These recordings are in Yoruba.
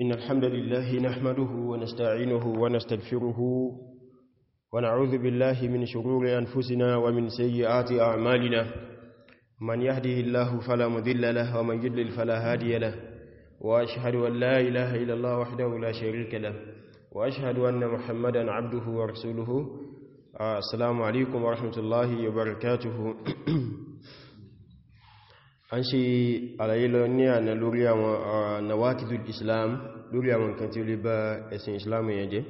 إن الحمد لله نحمده ونستعينه ونستغفره ونعوذ بالله من شرور أنفسنا ومن سيئات أعمالنا من يهده الله فلا مذل له ومن يدلل فلا هادي له وأشهد أن لا إله إلا الله وحده لا شريك له وأشهد أن محمدا عبده ورسوله السلام عليكم ورحمة الله وبركاته an ṣe àlàyé lọ ní àná lórí àwọn nawakidul islam lórí àwọn nǹkan tí ó lè bá ẹ̀sìn islam yẹn jẹ́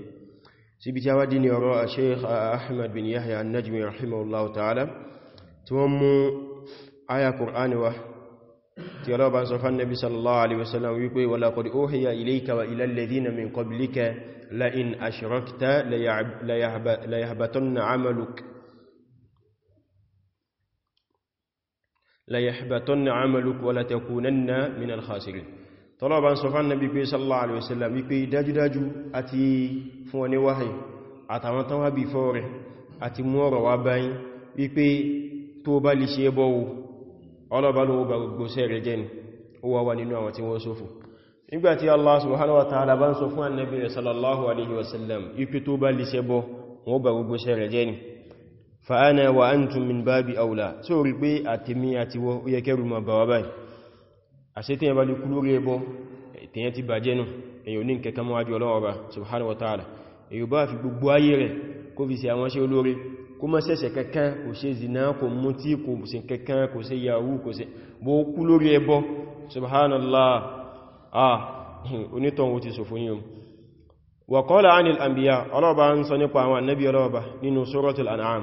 síbi tí a wádìí ni ọ̀rọ̀ sheikh ahmad bin yahya an-najmi rahimahullahu ta'ala tí wọ́n mú aya qur'ani wa tí ọlọ́ bá ń sọ fán nabi sallallahu alaihi wasallam wípé la yahbatanna 'amaluka wa la takunanna min al-khasirin tọ́lọ́bà ń sọ fán nàbí pé sallallahu alaihi wasallam wípé dájúdájú àti fún ọni wáhì àtàwọn tán wá bí fọ́ rẹ̀ àti mú ọ̀rọ̀ wá báyìí wípé tó bá lè ṣe ẹbọ́ wo ọlọ́bà ló bá gbogbo sẹ́rẹ̀ jẹ́ ni ó wà wà nínú àwọn tí wọ́n bá gbogbo sẹ́rẹ̀ jẹ́ ni fa'ana wa antum min babi aula tí ó rí pé àtèmi àti wọ ó yẹ kẹrù ma bàwà báyìí a ṣe tíyàn bá lè kú lórí ẹbọ tíyàn ti bàjẹ́ nù èyàn ní kẹta mọ́wájú ọlọ́ọ̀bá subhanahu wa ta'ala èyàn bá fi gbogbo ayé rẹ̀ kó fi sí àwọn ṣe olóre kó mọ́ ṣẹ̀ṣẹ̀ kankan kò ṣe zina kò mutí kò ṣe kankan kò ṣe yahoo kò ṣe bó kú lórí ẹbọ subhanallah ah onítọ̀hún ó ti sọ wa qala anil anbiya ọlọ́ọ̀bá ń sọ nípa àwọn annabi ọlọ́ọ̀bá nínú suratul an'am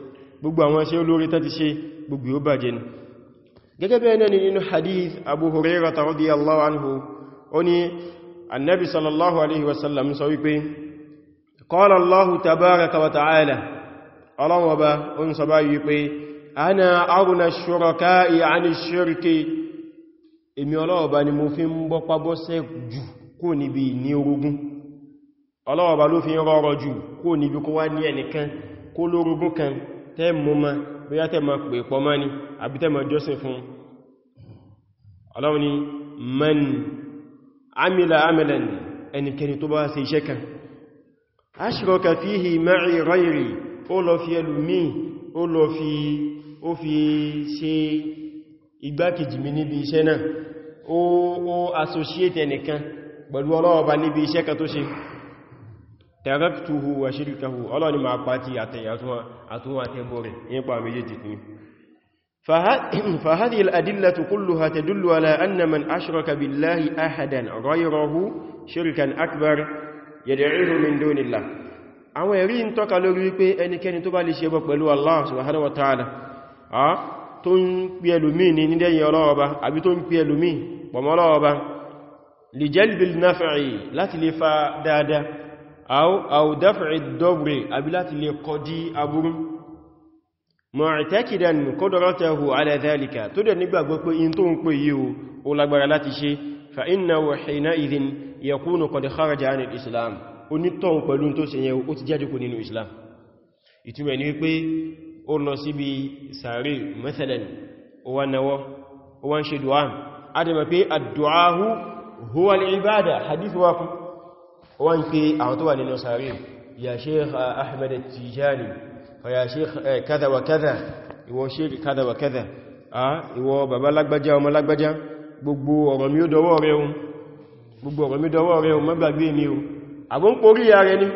gbogbo àwọn ṣe olórí tàbí ṣe gbogbo yóò bàjẹ́ ni gẹ́gẹ́ bẹ́ẹ̀ náà nínú hadith abu huraira ta radiyallahu anhu ó ní annabi sallallahu alaihi wasallam sọ wípé qala allahu tabaraka wa ta'ala ọlọ́wọ́ ba ó ń sọ bá wípé ana aruna shuraka'i 'ani shirki èmi ọlọ́wọ́ ba ni mo fi ń bọ́pá bọ́sẹ̀ jù kó níbi ní orogún ọlọ́wọ́ ló fi ń rọrọ jù kó níbi kó wá ní ẹnìkan kó lórogún kan tẹ́ mú ma bóyá tẹ́ ma pè pọ̀ mọ́ ni àbí tẹ́ ma jọ́sìn fún ọlọ́run ni man amila amalan ẹnikẹni tó bá ṣe iṣẹ́ kan ashraka fihi ma'i ghayri ó lọ fi ẹlùmí ó lọ fi ó ṣe igbákejì mi níbi iṣẹ́ náà ó associate ẹnìkan pẹ̀lú ọlọ́ọ̀ba níbi iṣẹ́ kan tó ṣe taraktuhu wa shirkahu ọlọ́ni ma pàtí àtúnwà tẹ́bọ̀rẹ̀ nípa méjèèjì ní fahadi al'adillatu kulluha tadullu ala anna man ashraka billahi ahadan ghayrahu shirkan akbar yad'ihi min dunillah àwọn ẹ̀rí ń tọ́ka lórí pé ẹnikẹ́ni tó bá lè ṣe bọ́ pẹ̀lú Allah subhanahu wa ta'ala a tó ń pè ẹlòmí ní nídẹ̀yìn ọlọ́ọba àbí tó ń pè ẹlòmí pọ̀mọ́lọ́ọba li jalbil lè fa dáadáa أو دفع الضر أبلات لقدي أبر معتكدا قدرته على ذلك تدى نقبع بقى إنتون قيو ولقبع لا تشي فإنه حينئذ يكون قد خرج عن الإسلام onítọ̀hún pẹ̀lú tó ṣe yẹn ó ti jáde kò nínú Islam ìtumẹ̀ ni wípé ó lọ síbi sàárè mẹ́sẹ̀lẹ̀n ó wá náwọ́ ó wá ń ṣe du'a adìmọ̀ pé àdùáhù huwa al-ibada hadith wákùn wọ́n ń pè àwọn tó wà nínú sàárè ya sheikh ahmed tijani ya sheikh eh, kada wa kada ìwọ sheikh kada wa kada ìwọ bàbá lágbájá ọmọ lágbájá gbogbo ọ̀rọ̀ mi ó dọwọ́ rẹ o gbogbo ọ̀rọ̀ mi dọwọ́ rẹ o má gbàgbé ya rẹ ni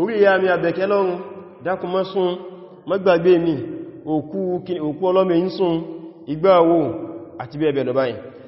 orí ya mi àbẹ̀kẹ́ lọ́run dákun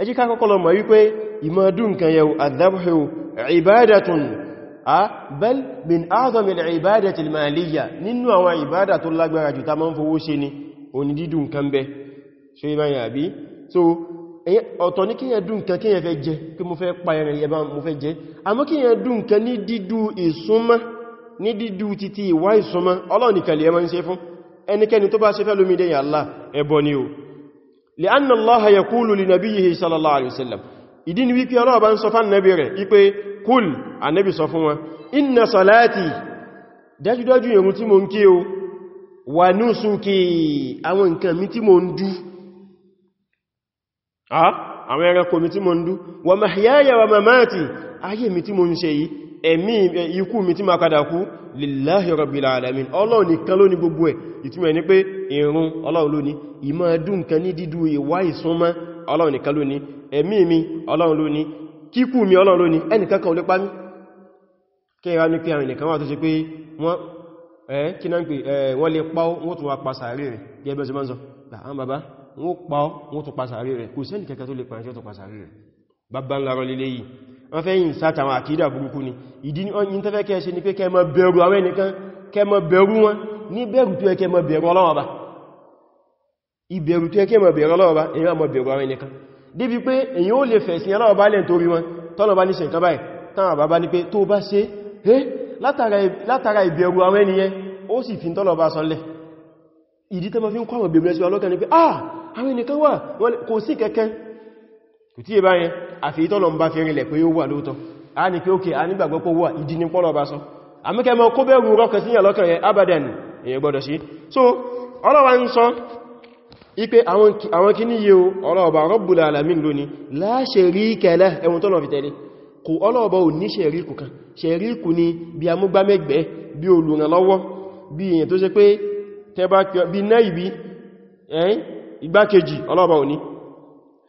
ẹjí ká kọ́kọ́ lọ mọ̀ wípé ìmọ̀dún kan yau adhabuhu ibadatun a bel min azamil ibadatil maliyya nínú àwọn ibada tó lágbára jù ta ma ń fowó ṣe ni òní dídùn kan bẹ ṣe ìbáyà bí so ọ̀tọ̀ ní kíyàn dùn kan kíyàn fẹ́ jẹ pé mo fẹ́ pààrẹ ẹ̀bá mo fẹ́ jẹ àmọ́ kíyàn tó bá ṣe fẹ́ lómi dẹ̀yà Allah ẹbọ ni o لأن الله يقول لنبيه صلى الله عليه وسلم ìdíni wípé ọlọ́wọ́ bá ń sọ fán nẹ́bí rẹ̀ ipé kúl ànẹ́bí sọ fún wọn inna salati dájúdájú ìrun tí mo ń kí o wà nusuki àwọn nǹkan mi tí mo ń dú ẹ̀mí ikú mi tí ma padà kú lillahi rabbil alamin ọlọ́run nìkan ló ní gbogbo ẹ̀ ìtumọ̀ ní pé ìrun ọlọ́run ló ní ìmọ̀ ẹdún nǹkan ní dídú ìwá ìsúnmọ́ ọlọ́run nìkan ló ní ẹ̀mí mi ọlọ́run ló ní kíkú mi ọlọ́run ló ní ẹnìkan kan ò lè pa mí kẹwàá ní pé àwọn ènìyàn kan wà tó ṣe pé wọ́n ẹ̀ kí náà ń pè wọ́n lè wọ́n fẹ́ yìn sáta àwọn àkídà burúkú ni ìdí ní ọyìn tẹ́fẹ́ kẹ́ ṣe ni pé kẹ́ má bẹ̀rù àwọn ẹnìkan kẹ́ má bẹ̀rù wọn ní bẹ̀rù tó ẹkẹ́ má bẹ̀rù Ọlọ́run Ọba ìbẹ̀rù tó ẹkẹ́ má bẹ̀rù Ọlọ́run Ọba èyàn má bẹ̀rù àwọn ẹnìkan débi pé èyàn ó lè fẹ̀sìn Ọlọ́run Ọba lẹ́ torí wọn tọ́lọ̀ bá ní ṣe nǹkan báyìí táwọn bàbá ní pé tó bá ṣe é látara ìbẹ̀rù àwọn ènìyàn ó sì fi tọ́lọ̀ bá sọ lẹ̀ ìdí tẹ́ ma fi ń kọ́ àwọn bèbèrè sí ọlọ́kẹ́ ni ah àwọn ènìyàn kan wà kò sí kẹ́kẹ́ kò tí è bá yẹn àfi ìtọ́lọ̀ ń bá fi rinlẹ̀ pé ó wà lóòtọ́ a ní pé ókè a nígbàgbọ́ pé ó wà ìdí ní pọ́lọ̀ bá sọ àmúkẹ́ kó bẹ̀rù rọ́kẹ̀ sí ìyàlọ́kẹ̀ yẹn abadan èyàn so ọlọ́wà ń sọ ipe àwọn kí níye o ọlọ́ọ̀bà Rabbul alamin lóní la sharika lah ẹ̀wọ̀n tọ́lọ̀ fi tẹ̀lé kò ọlọ́ọ̀bà ò ní ṣẹ̀ríkù kan ṣẹ̀ríkù ni bí amúgbámẹ́gbẹ́ bí olùrànlọ́wọ́ bí èyàn tó ṣe pé tẹ́bá bí náà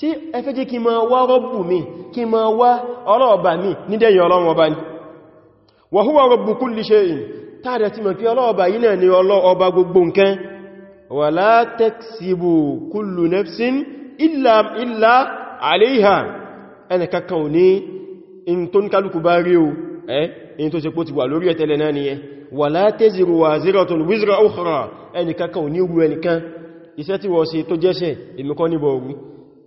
tí ẹfẹ́ jẹ́ kí ma wá rọ́bù mi kí ma wá ọlọ́ọ̀bà mi ní dẹ̀yìn ọlọ́run ọba ni wa huwa rabbu kulli shay'in tààdẹ̀ tí mọ̀ kí ọlọ́ọ̀bà yìí náà ni ọba gbogbo nǹkan wala taksibu kullu wà lórí ẹ̀tẹ́lẹ̀ náà nìyẹn ò ní rú ẹnìkan iṣẹ́ tí wọ́n ṣe tó jẹ́ṣẹ̀ èmi níbọ̀ ogun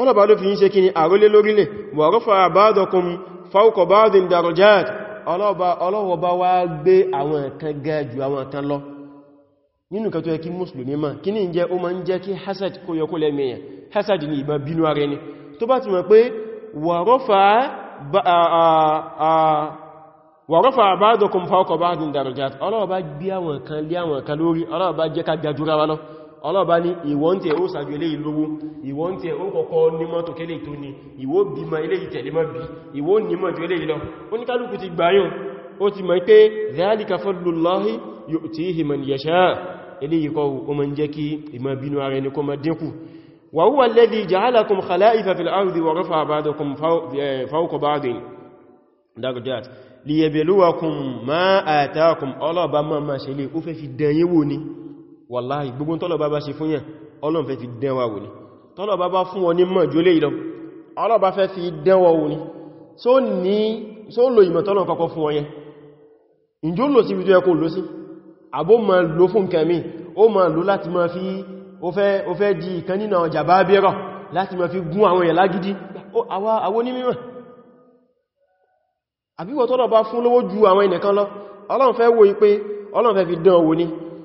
ọlọ́bà ló fi ń ṣe kí ni àrólé lórílẹ̀ wà rọ́fà ba'dakum fawqa ba'din darajat ọlọ́wọ́ bá wá gbé àwọn kan ga jù àwọn kan lọ nínú kan tó yẹ kí mùsùlùmí ma kí ní jẹ́ ó ma ń jẹ́ kí hasad kó yọ kó lẹ́mẹ̀yàn hasad ni ìbá bínú ara ẹni tó bá ti mọ̀ pé wà rọ́fà ba'dakum fawqa ba'din darajat ọlọ́wọ́ bá gbé àwọn kan lé àwọn kan lórí ọlọ́wọ́ bá jẹ́ ká gajúra lọ ọlọ́ọ̀bá ní ìwọ́n tí ẹ̀ ó sàjú ilé ìlówó ìwọ́n tí ẹ̀ ó kọ̀kọ́ nímọ́ tó kélé tó ní ìwó bímọ ilé ìtẹ̀lémọ́ bí ìwó nímọ̀ ju ilé ìlọ oníkálùkù ti gbáyùn ó ti mọ̀ pé dhalika fadlullahi yu'tihi man yasha ilé ìkọ́ ó mọ́ jẹ́ kí ìmọ̀ bínú ara ẹni kó mọ́ dínkù wa huwa alladhi ja'alakum khala'ifa fil wàláhì gbogbo tọ́lọ̀ bá bá ṣe fún yẹn Ọlọ́run fẹ́ fi dẹ́wà wò ní tọ́lọ̀ bá bá fún wọn ní mọ̀ jú lè ìlọ Ọlọ́run bá fẹ́ fi dẹ́wà wò ní so lo ìmọ̀ tọ́lọ̀ kọ́kọ́ fún wọn yẹn ìjó lò sí ibi tó yẹ kó lò sí àbó ma lò fún kẹmí ó ma lò láti ma fi ó fẹ́ di ìkan nínú ọjà bá bẹ́rọ̀ láti ma fi gún àwọn èèyàn lágídí àwọ ní mímọ̀ àbíwọ̀ tọ́lọ̀ bá fún lówó ju àwọn ẹnìkan lọ Ọlọ́run fẹ́ wo ipé Ọlọ́run fẹ́ fi dán owó ní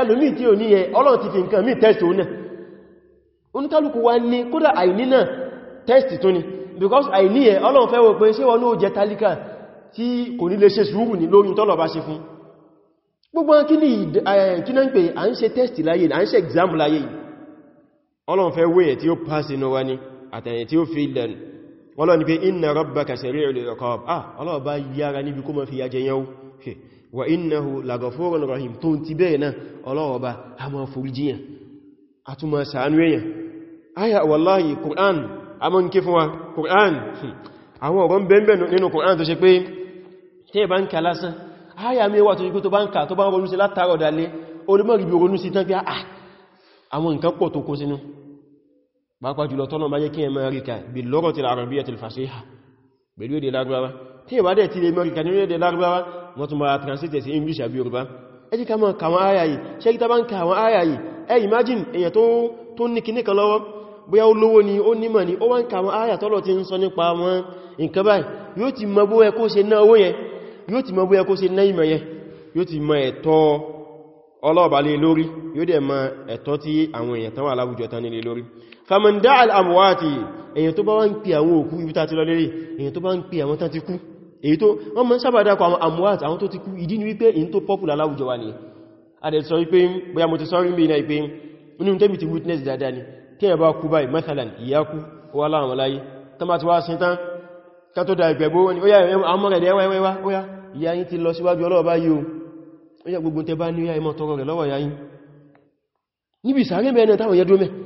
ẹlòmí tí ò ní ẹ ọlọ́run ti fi nǹkan mí test òun náà oníkálùkù wa ní kódà àìní náà test tó ní because àìní ẹ ọlọ́run fẹ́ wò pé ṣé wọn ó jẹ tálíkà tí kò ní lè ṣe sùúrù ní lórí tọ́lọ̀ bá ṣe fún gbogbo kí ní kí náà ń pè à ń ṣe test láyé à ń ah ọlọ́run bá yára níbi kó mọ́ wa innahu lagafurun rahim tó ti bẹ́ẹ̀ náà ọlọ́wọ́ bá a ma foríjìyàn a tún ma sàánú èyàn aya wallahi Qur'an a mọ́ n ké fún wa Qur'an hmm, àwọn ọ̀rọ̀ bẹ́ẹ̀bẹ̀ nínú Qur'an tó ṣe pé tẹ́ bá ń ka lásán aya mẹ́wà tó ṣe tó bá ń ka tó pẹ̀lú èdè Lárúbáwá tí ìwà dẹ̀ ti lè mọ́ ìkàní èdè Lárúbáwá wọ́n tún máa translate sí English àbí Yorùbá ẹjí ká mọ́ kàwọn àyà ṣe kí tàbá ń kàwọn àyà ẹ imagine èyàn tó ní kinní kan lọ́wọ́ bóyá ó lówó ni ó nímọ̀ ni ó wá ń kàwọn àyà tọ́lọ̀ ti ń sọ nípa wọn nǹkan báyìí yóò ti mọ bóyá kó ṣe ná owó yẹn yóò ti mọ bóyá kó ṣe ná faman dá al'amwati èyàn tó bá wá ń pè àwọn òkú ibi tàti lọlẹ́rẹ́ èyàn tó bá ń pè àwọn tàti kú èyí tó wọ́n mọ́ sábà àwọn amwati àwọn tó ti kú ìdí ni wípé èyí tó pọ́pùlà láwùjọ wa ni a dẹ̀ sọ wípé bóyá witness dáadáa ni tí ẹ bá kú báyìí mathalan ìyá kú ó wá láwọn láyé tán bá ti wá sin ni ó yá àwọn mọ́rẹ̀ dẹ̀ wẹ́wẹ́wá ó yá ìyá yín ti lọ síwájú ọlọ́ọ̀bá yìí o ó yá níbi ìsàárẹ̀ mẹ́rin táwọn yẹ́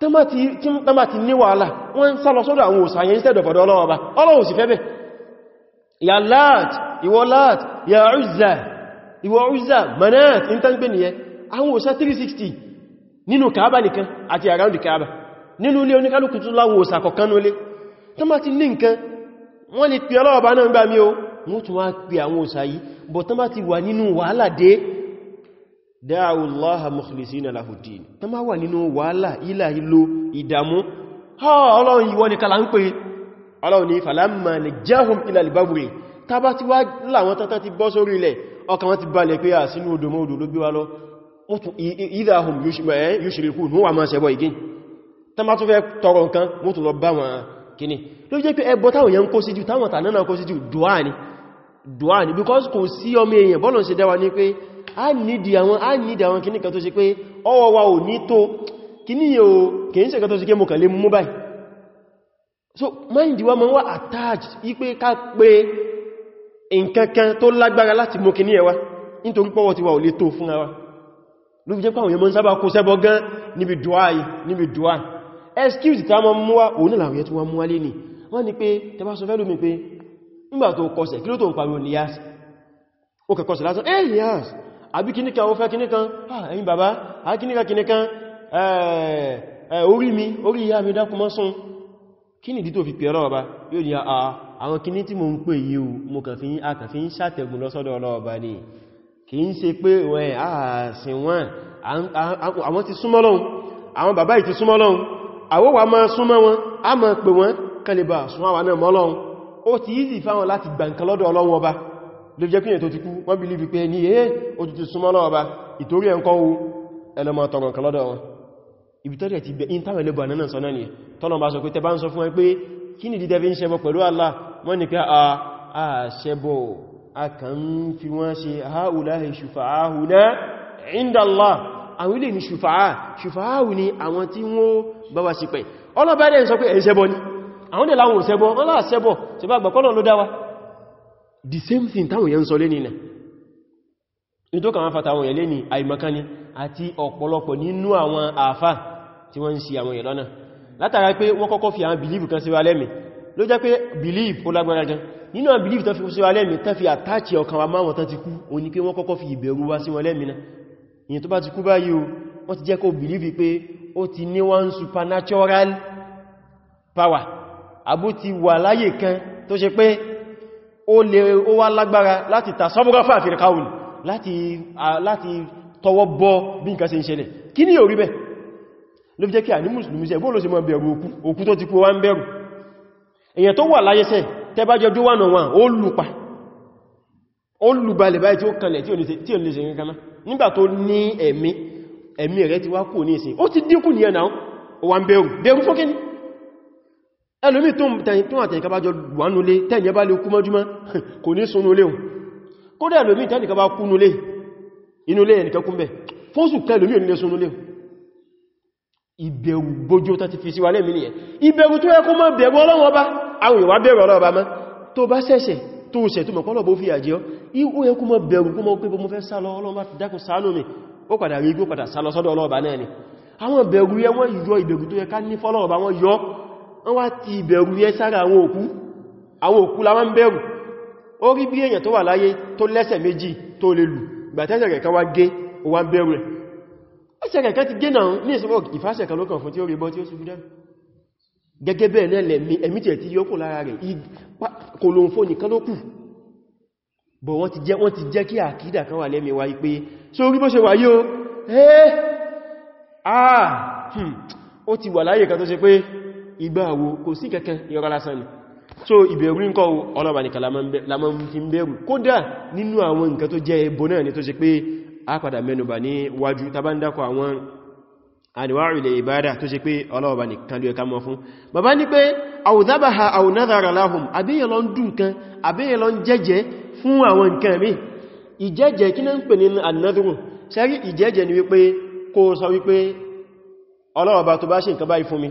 tánbà ti ní wàhálà wọ́n sálọ sódọ̀ àwọn instead of ọ̀dọ̀ ọlọ́ọba ọlọ́wọ̀ sí fẹ́bẹ̀ ya Lat ìwọ Lat ya Uzza ìwọ Uzza Manat in tán 360 nínú Kaaba nìkan àti around Kaaba nínú tún wá pè àwọn òsà yìí bọ̀ ti dáàwù láha mukhlisina lahud-din ta ma wà nínú wàhálà ilá ìlò ìdàmú ha ọlọ́run ìwọ ni kàlà ń pè ọlọ́run ní falamma najjahum ila al-barri ta bá ti wá láwọn tátá ti bọ́ sórí ilẹ̀ ọkàn wọn ti balẹ̀ pé à sínú odòmọ́ odò ló gbé wá lọ idha hum yushrikun wọ́n wà máa ṣẹbọ ìgín ta ma tún fẹ́ tọrọ nǹkan mú tún lọ bá wọn kìíní ló jẹ́ pé ẹbọ táwọn yẹn kó because kò sí ọmọ èèyàn bọ́lọ̀ ṣe dáwà ní pé a nìdí àwọn a nìdí àwọn kìní kan tó ṣe pé ọwọ́ wa ò ní tó kìní yóò kìí ṣe kan tó ṣe pé mo kàn mú báyìí so mind wa ma wá attached ipé ká pé nkankan tó lágbára láti mú kìní ẹwà nítorí pọ́wọ́ ti wa ò lè tó fún wa ló fi jẹ́ pàwọn èèyàn sábà kó sẹ́bọ̀ gan níbi dùá yìí níbi dùá excuse ta mọ́ mú wá òun láwọn yẹn tí wọ́n mú wá lé ní wọ́n ní pé tẹbá sọ fẹ́ lómi pé nígbà tó kọsẹ̀ kí ló tó ń pariwo ní yáàsì ó kẹ́kọsẹ̀ látọ́ eh yáàsì àbí kíníkan ó fẹ́ kíníkan ah, ẹ̀yìn bàbá a kíníkan kíníkan eh, eh, orí mi orí ìyá mi dákun mọ́ sún kí nìdí tó fi pẹ̀rọ ọba yóò ní ah, àwọn kíní tí mo ń pè yí o mo kàn fi ń ṣàtẹ̀gùn lọ́sọ́dọ̀ ọlọ́ọba ni kì í ṣe pé wọ́n ààsìn wọn àwọn ti súnmọ́ lọ́hun àwọn bàbá ì ti súnmọ́ lọ́hun àwọ́wà a máa pè wọn kalibà súnmọ́ àwọn náà mọ́ lọ́hun ó ti yízi fáwọn láti gbà nǹkan lọ́dọ̀ ọlọ́run ọba ló jẹ́ kíyàn tó ti kú wọ́n bí líbi pé ní ẹ́ ó ti ti súnmọ́ náà bá ìtorí ẹ̀kọ́ wu ẹlọmọ tọrọ nǹkan lọ́dọ̀ wọn ibi tọ́rẹ̀ ti bẹ̀ in táwọn ẹlẹ́bọ̀ ànánà sọ náà ni tọ́nà bá sọ pé tẹbá ń sọ fún ẹ pé kí ni dídẹ́ fi ń ṣẹbọ pẹ̀lú Allah wọ́n ni pé a ṣẹbọ a kàn fi wọ́n ṣe haulahi shufa'ahuna inda Allah àwọn ilé ni shufa'a shufa'ahu ni àwọn tí wọ́n bá wá sí pẹ̀ ọlọ́bẹ̀ẹ́dẹ̀ sọ pé ẹ̀ ṣẹbọ ni àwọn dẹ̀ láwọn ò ṣẹbọ ọlọ́ the same thing táwọn yẹn ń sọ lẹ́ni ilẹ̀ ní tó kàwọn fata àwọn yẹn lẹ́ni àìmakani àti ọ̀pọ̀lọpọ̀ nínú àwọn àfá tí wọ́n ń ṣì àwọn yẹn látara pé wọ́n kọ́kọ́ fi àwọn belief kan síwá lẹ́mì ló jẹ́ pé belief ó lágbára gan nínú àwọn belief tó fi síwá lẹ́mì tán fi àtàkì ọkàn wa máwọn tán ti kú o ní pé wọ́n kọ́kọ́ fi ìbẹ̀rù wá sí wọn lẹ́mì náà ìyẹn tó bá ti kú báyìí o wọ́n ti jẹ́ kó belief pé ó ti ní one supernatural power àbó wà láyé kan tó ṣe pé ó lè ó wá lágbára láti ta sọ́bọ́gáfà àti ìrìkáwùn láti tọwọ́ bọ́ bí nǹkan ṣe ń ṣẹlẹ̀ kí ní orí bẹ́ ló fi jẹ́ kí à ní mùsùlùmí ṣe bóòlò sí mọ́ bẹ̀rù òkú tó ti kú wá ń bẹ̀rù èyàn tó wà láyẹsẹ̀ tẹbájọ jó wánà wọn ó lùpa ó lùbalẹ̀ báyìí tí ó kanlẹ̀ tí ò lè ṣe nǹkan nígbà ẹlòmí tó àtẹ̀yìnká bá jọ wánúlé tẹ́yìn bá lè kú mọ́júmọ́ kò ní súnúlé ohun kódà ẹlòmí tẹ́yìnká bá kúnúlé inúlé ẹnìkan kún bẹ̀ fóòsù kẹ́ ẹlòmí onílé súnúlé ìbẹ̀rù bójó tàti fi síwálẹ̀ mí nìyẹn ìbẹ̀rù tó yẹ kó má bẹ̀rù Ọlọ́run Ọba àwọn ìwà bẹ̀rù Ọlọ́run Ọba mọ́ tó bá ṣẹ̀ṣẹ̀ tó ṣẹ̀ tó mọ̀kọ́lọ̀ bó fi àjẹ́ ó yẹ kó má bẹ̀rù kó mọ́ pé bó mọ́ fẹ́ sálọ Ọlọ́run dákùn ṣàánú mi ó padà rí igbó wọ́n wá ti ìbẹ̀rù yẹ sára àwọn òkú àwọn òkú la wọ́n bẹ̀rù ó rí bí èyàn tó wà láyé tó lẹ́sẹ̀ méjì tó lè lù gbàtẹ́sẹ̀ rẹ̀ kan wá gé ó wá bẹ̀rù rẹ̀ ẹsẹ̀ rẹ̀ kan ti gé náà ní ìsọ́rọ̀ ìfásẹ̀ kan lókàn fún tí ó rí bọ́ tí ó sùn fídá gẹ́gẹ́ bẹ́ẹ̀ náà lẹ̀mí ẹ̀mí tẹ̀ tí hmm. ó ti wà láyé kan tó ṣe pé ìgbàwo kò sí kẹ́kẹ́ ìrọ́ lásán ni so ìbẹ̀rù ń kọ́ ọlọ́bà nìkan lamọ́ fi ń bẹ̀rù kódà nínú àwọn nǹkan tó jẹ́ ẹbọ náà ni tó ṣe pé a padà mẹ́nubà ní wájú tàbándàkọ àwọn àdìwárì ilẹ̀ ìbádà tó ṣe pé ọlọ́ọ̀bà nìkan ló ẹka mọ́ fún bàbá ní pé àwùdábàha àwùnádàrà láhùn àbíyàn lọ ń dùn kan àbíyàn lọ ń jẹ́jẹ́ fún àwọn nǹkan mi ìjẹ́jẹ́ kí náà tó bá ṣe nǹkan báyìí fún mi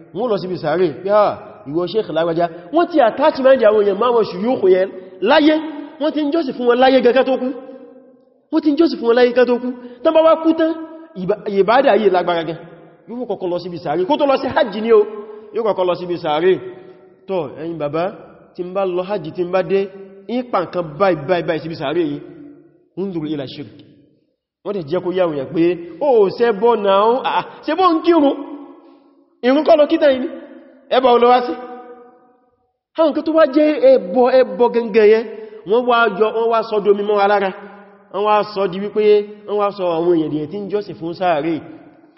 wọ́n lọ síbi sàárè pé à ah, ìwọ Sheikh lágbàjá wọ́n ti àtàkì máa ń jẹ àwọn èèyàn máa wọ́n ṣù yóò kò yẹn láyé wọ́n ti ń jọ́sì fún wọn láyé gẹ́gẹ́ tó kú wọ́n ti ń jọ́sì fún wọn láyé gẹ́gẹ́ tó kú tán bá wá kú tán ìbádà ayé lágbára gẹ́ yóò kọ́kọ́ lọ síbi sàárè kó tó lọ sí hajj ní o yóò kọ́kọ́ lọ síbi irun kọ́ lọ kíta ebe ẹbọ olówá sí àwọn kan tó wá jẹ́ ẹbọ ẹbọ nwa yẹn wọ́n wá jọ wọ́n wá sọ domi mọ́ alára wọ́n wá sọ di wípé wọ́n wá sọ àwọn èèyàn dìyàn tí ń jọ́sìn fún sàárè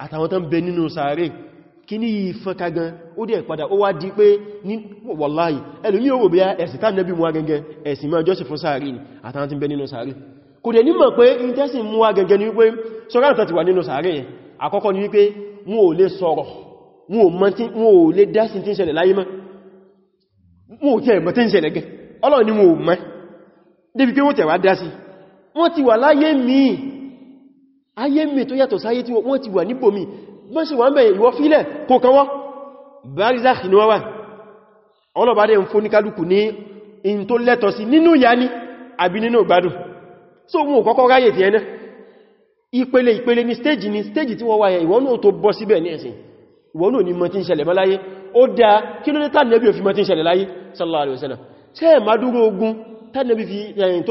àtàwọn tán bẹ nínú sàárè kí ní ìfẹ́ka ó dẹ̀ padà ó wá di pé ní wàláhì ẹlùmí bí ẹ̀sìn tá nẹ́bí mú wa ẹ̀sìn máa jọ́sìn fún sàárè ni àtàwọn tí bẹ nínú sàárè kò dẹ̀ nímọ̀ pé mú ni wípé wọn ò lè dá sí tí ń ṣẹlẹ̀ láyé mọ́ wọn ò tẹ́ ẹ̀mọ́ tí ń ṣẹlẹ̀ gẹ́ ọlọ́run ni wọn ò mọ̀ débi pé wọ́n tẹ̀wà dá sí wọ́n ti wà láyé míì ayé míì tó yàtọ̀ sáyé tí wọ́n ti wà níbò míì bọ́n sì wà ń bẹ̀ ìwọ́ fílẹ̀ kó kan wọ́n barzakh ni wọ́n wà ọlọ́bàá dẹ̀ ń fún níkálùkù ní in tó lẹ́tọ̀ ni stage ni stage tí wọ́n wà yẹn ìwọ́n náà tó bọ́ síbẹ̀ ní ẹ̀sìn ìwọ náà ni mọ̀ tí ń ṣẹlẹ̀ mọ́láyé ó dá kí ló ní tánàbí òfin mọ̀ tí ń ṣẹlẹ̀ láyé sallallahu alaihi wasallam ṣe ẹ̀ máa dúró ogun tánàbí fi ẹ̀yìn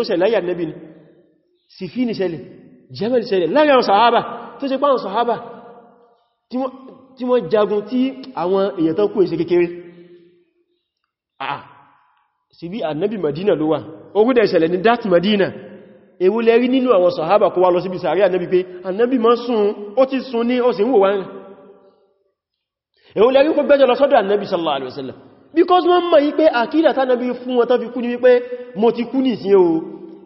tó ṣẹlẹ̀ ewu lẹ́rí nínú àwọn sàhábà kó wá lọ síbi sàárẹ́ ànẹ́bí pé ànẹ́bí mọ́ sùn ó ti sùn ní ó wò wá èun lẹ́rí kó gbẹ́jọ lọ sọ́dọ̀ annabi sallallahu alaihi wasallam because wọ́n mọ̀ yí pé àkídà tánàbí fún wọn tán fi kú ní wípé mo ti kú ní ìsìn o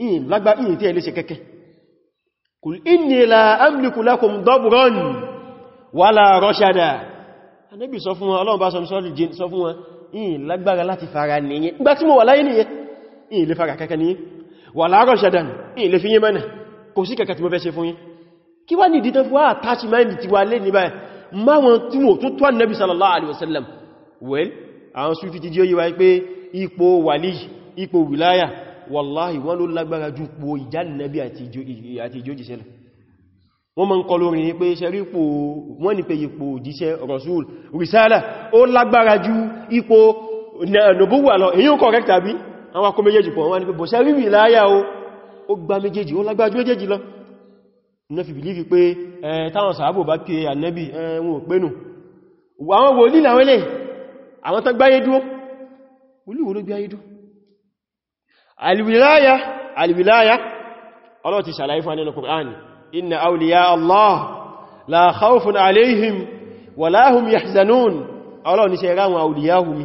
ìyìn lágbà ìyìn tí ẹ lè ṣe kẹ́kẹ́ kul inni la amliku lakum dabran wala rashada annabi sọ fún wọn ọlọ́run bá sọ fún wọn ìyìn lágbára láti fara nìyẹn gbá tí mo wà láyé nìyẹn ìyìn lè fara kẹ́kẹ́ nìyẹn wala rashada ìyìn lè fi yẹn mẹ́nà kò sí kẹ́kẹ́ tí mo fẹ́ ṣe fún yín kí wá nìdí tó fi wá ti wá lé ní báyìí máwọn tí wọ́n tó tọ́ nẹ́bí sallallahu alaihi wasallam well àwọn sufi ti jẹ́ yíwa pé ipò wàlí ipò wìláyà wallahi wọ́n ló lágbára ju po ìjà nẹ́bí àti ìjó jìṣẹ́lẹ̀ wọ́n mọ́ ń kọ lórí ní pé ṣe rípò wọ́n ni pé ipò òjíṣẹ́ rasul risala ó lágbára ju ipò nùbúwà lọ èyí ń correct àbí àwọn akọ méjèèjì pọ̀ wọ́n ni pé bọ̀ ṣe rí wìláyà ó gbá méjèèjì ó lágbára ju méjèèjì lọ ní fi bìlífì pé táwọn sàábò bá pé ànẹ́bì wọn ò pé nù àwọn wòlí làwọn ilé àwọn tán gbáyé dúó wòlí wòló gbáyé dúó alìwìláyà alìwìláyà Allah ti ṣàlàyé fún nínú Kùránì inna awliya Allah la khawfun alayhim wa la hum yahzanun Allah ní ṣe rá àwọn awliya humi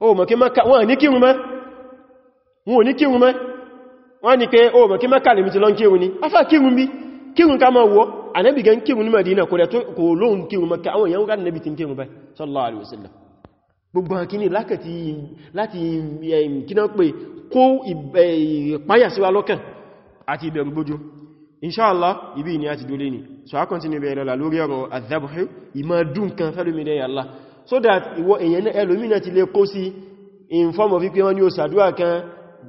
o mọ̀ kí maka wọ́n ní kírun mọ́ wọ́n ní kírun o mọ̀ kí maka lè mi ti lọ kírun ní afá kírun bí kírun Madina kò lóhun kírun maka àwọn èèyàn rán nẹ́bì ti kírun báyìí sallallahu alaihi wasallam gbogbo akíní láti kíná pé kó eh, ìpáyà ibi ni a ti dole ni so a continue bẹ̀rẹ̀ lọ́la lórí ọ̀rọ̀ Allah so that ìwọ èyàn ẹlòmínà ti lè kó sí in form of wípé wọ́n ní o sàdúwà kan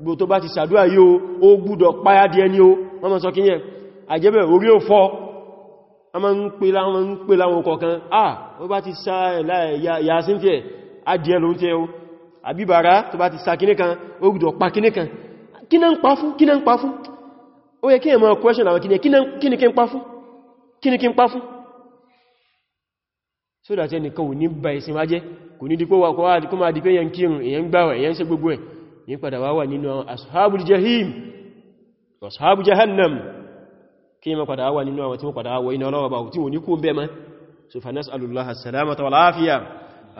gbò tó bá ti sàdúwà yóò ó gbúdọ̀ páyá díẹ̀ ní o wọ́n mọ́ sọ kí yẹn àjẹ́bẹ̀ orí ò fọ́ a ma ń pè láwọn ń pè láwọn kọ̀kan ah ó bá ti ya yàásín fẹ́ adìẹ ló ń tẹ́ o àbíbàrá tó bá ti sá kíní kan ó gbúdọ̀ pa kíní kan kina náà ń pa fún kí náà ń pa fún ó yẹ kí ẹ̀mọ̀ question àwọn kíní kí ní kí ń pa fún so that ẹni kò ní bá ìsin má jẹ́ kò ní di dípò wà kó wa di ko ma máa dípé yẹn kírùn èyàn wa èyàn ṣe gbogbo ẹ̀ yin padà wá wà nínú ashabul jahim ashabu jahannam kí ma padà wà nínú àwọn tí mo padà wà iná ọlọ́wọ́ ba o tí woni kó nbe ma so fa nas'alullah as-salamata wal afiya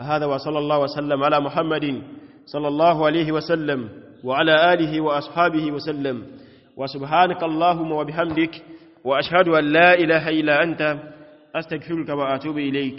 hada wa sallallahu wa sallam ala muhammadin sallallahu alaihi wa sallam wa ala alihi wa ashabihi wa sallam wa subhanaka allahumma wa bihamdik wa ashhadu an la ilaha illa anta astaghfiruka wa atubu ilayk